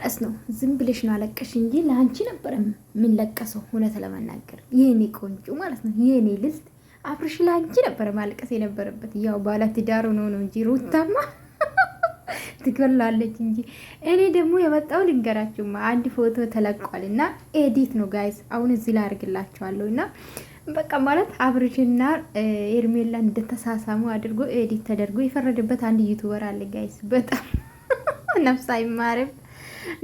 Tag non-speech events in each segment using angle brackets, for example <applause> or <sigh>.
ማልቀስ ነው። ዝም ብለሽ ነው አለቀሽ እንጂ ለአንቺ ነበረ የምንለቀሰው። እውነት ለመናገር የኔ ቆንጆ ማለት ነው የኔ ልልት አብርሽ ለአንቺ ነበረ ማልቀስ የነበረበት። ያው ባለትዳር ነው ነው እንጂ ሩታማ <laughs> ትገላለች እንጂ። እኔ ደግሞ የመጣው ልንገራችሁማ አንድ ፎቶ ተለቋል እና ኤዲት ነው ጋይስ። አሁን እዚህ ላይ አድርግላችኋለሁ እና በቃ ማለት አብርሽና ኤርሜላ እንደተሳሳሙ አድርጎ ኤዲት ተደርጎ የፈረደበት አንድ ዩቱበር አለ ጋይስ። በጣም <laughs> ነፍስ አይማርም።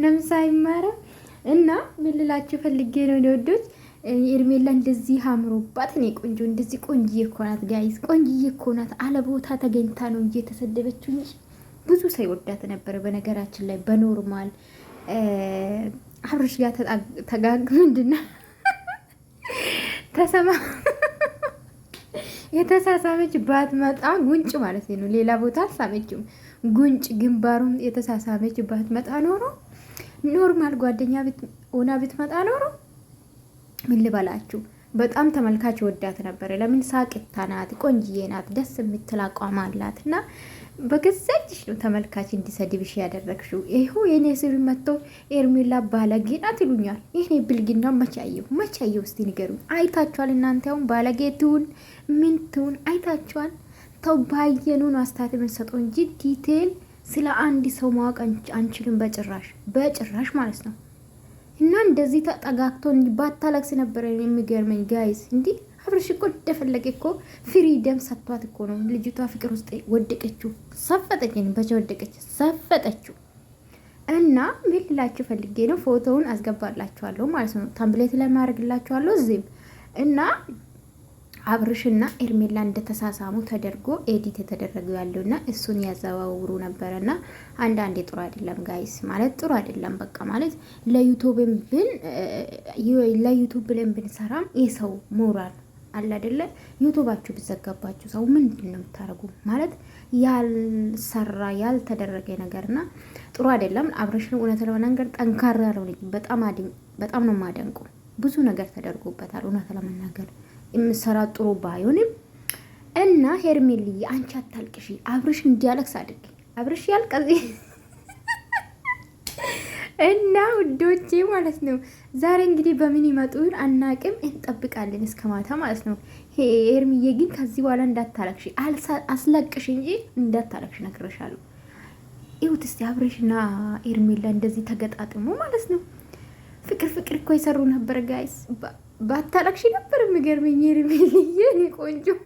ነምሳ ይማረም እና ምልላችሁ ፈልጌ ነው ወዶች ኤርሜላ እንደዚህ አምሮባት እኔ ቆንጆ እንደዚህ ቆንጅዬ እኮ ናት፣ ጋይዝ ቆንጅዬ እኮ ናት። አለቦታ ተገኝታ ነው እንጂ የተሰደበችው እንጂ ብዙ ሳይወዳት ይወዳት ነበረ። በነገራችን ላይ በኖርማል አብረሽ ጋር ተጋግ ምንድን ነው ተሰማ የተሳሳመች ባትመጣ ጉንጭ ማለት ነው። ሌላ ቦታ አልሳመችም። ጉንጭ ግንባሩን የተሳሳመች ባትመጣ ኖሮ ኖርማል ጓደኛ ሆና ብትመጣ ኖሮ ምን ልበላችሁ በጣም ተመልካች ወዳት ነበረ። ለምን ሳቅታ ናት፣ ቆንጅዬ ናት፣ ደስ የምትል አቋም አላት እና በገዛጅሽ ነው ተመልካች እንዲሰድብሽ ያደረግሽው። ይሁ የኔ ስር መጥቶ ኤርሚላ ባለጌ ናት ይሉኛል። ይህኔ ብልግና መቻየው መቻየው እስቲ ንገሩ። አይታችኋል እናንተ አሁን ባለጌ ትሁን ምን ትሁን አይታችኋል። ተው ባየኑ ነው አስታት የምንሰጠው እንጂ ዲቴል ስለ አንድ ሰው ማወቅ አንችልም፣ በጭራሽ በጭራሽ ማለት ነው። እና እንደዚህ ተጠጋግቶ ባታለቅስ ነበረ የሚገርመኝ። ጋይዝ እንዲ አብርሽ እኮ እንደፈለገ እኮ ፍሪ ደም ሰጥቷት እኮ ነው ልጅቷ ፍቅር ውስጥ ወደቀችው፣ ሰፈጠች፣ በቻ ወደቀች፣ ሰፈጠችው። እና ምን ልላችሁ ፈልጌ ነው ፎቶውን አስገባላችኋለሁ ማለት ነው። ታምብሌት ላይ ማድረግላችኋለሁ እዚህም እና አብርሽና ኤርሜላ እንደተሳሳሙ ተደርጎ ኤዲት የተደረገ ያለውና እሱን ያዘዋውሩ ነበረና አንዳንዴ ጥሩ አይደለም ጋይስ ማለት ጥሩ አይደለም። በቃ ማለት ለዩቱብን ብን ለዩቱብ ብለን ብንሰራም የሰው ሞራል አለ አይደለ? ዩቱባችሁ ብዘጋባችሁ ሰው ምንድን ነው የምታደርጉ? ማለት ያልሰራ ያልተደረገ ነገርና ጥሩ አይደለም። አብርሽን እውነት ለመናገር ጠንካራ ነው። በጣም ነው የማደንቁ። ብዙ ነገር ተደርጎበታል እውነት ለመናገር የምሰራ ጥሩ ባይሆንም እና ሄርሜል አንቺ አታልቅሽ፣ አብርሽ እንዲያለቅስ አድርጊ። አብርሽ ያልቀዚ <laughs> እና ውዶቼ ማለት ነው። ዛሬ እንግዲህ በምን ይመጡን አናቅም፣ እንጠብቃለን እስከ ማታ ማለት ነው። ሄርሚዬ ግን ከዚህ በኋላ እንዳታለቅሽ፣ አስለቅሽ እንጂ እንዳታለቅሽ ነግረሻሉ። ይሁት ስ አብሬሽና ኤርሜላ እንደዚህ ተገጣጥሞ ማለት ነው። ፍቅር ፍቅር እኮ የሰሩ ነበር ጋይስ፣ ባታለቅሽ ነበር የሚገርመኝ የርሜልዬ ቆንጆ